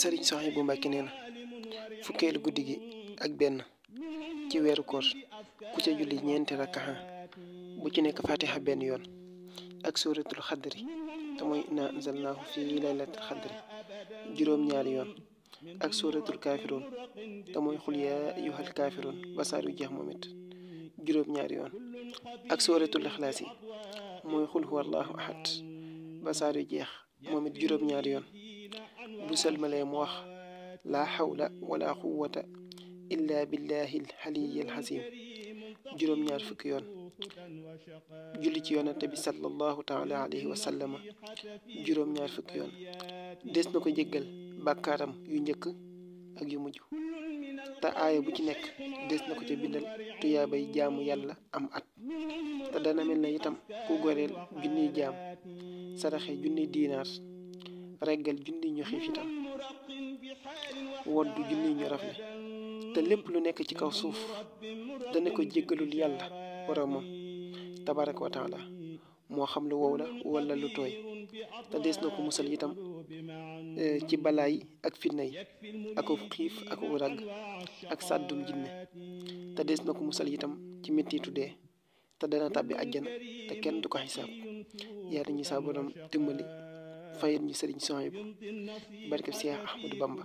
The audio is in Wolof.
sëriñ Sohibou Mbacké nee na fukkeelu guddi gi ak benn ci weeru koor ku ca julli ñeenti rakkaxa bu ci nekk fatiha benn yoon ak suuratul xadri te mooy inna anzalnaahu fi laylatil xadri juróom-ñaari yoon ak suuratul kaafiroon te mooy xul yaa ayyuhal kaafiroon basaaru jeex moom it juróom-ñaari yoon ak suuratul ixlaas yi mooy xul huwallaahu ahad basaaru jeex moom it juróom-ñaari yoon بسل ملايم واخ لا حول ولا قوة إلا بالله الحلي الحزيم جرم نار فكيون جلت يونا تبي صلى الله تعالى عليه وسلم جرم نار فكيون ديس نكو جيجل بكارم ينجك أك يمجو تا آية بكي ديس نكو جبنل تيابي جامو يلا أم أت تدانا ملنا يتم كو غريل جني جام سرخي جني دينار reggal junni ñu xiifital woddu junni ñu rafle te lépp lu nekk ci kaw suuf dana ko jéggalul yàlla boromam tabaraka wa moo xam lu wow la wala lu tooy te dees na ko musal e, ci balaa yi ak fitna yi ak ci mettitu dee te dana tàbbi àjjana te kenn du ko xisaab yaa dañuy saa borom dimbali fayal ñu sëriñ Souhaïbou barkeb Seex Ahmadu Bamba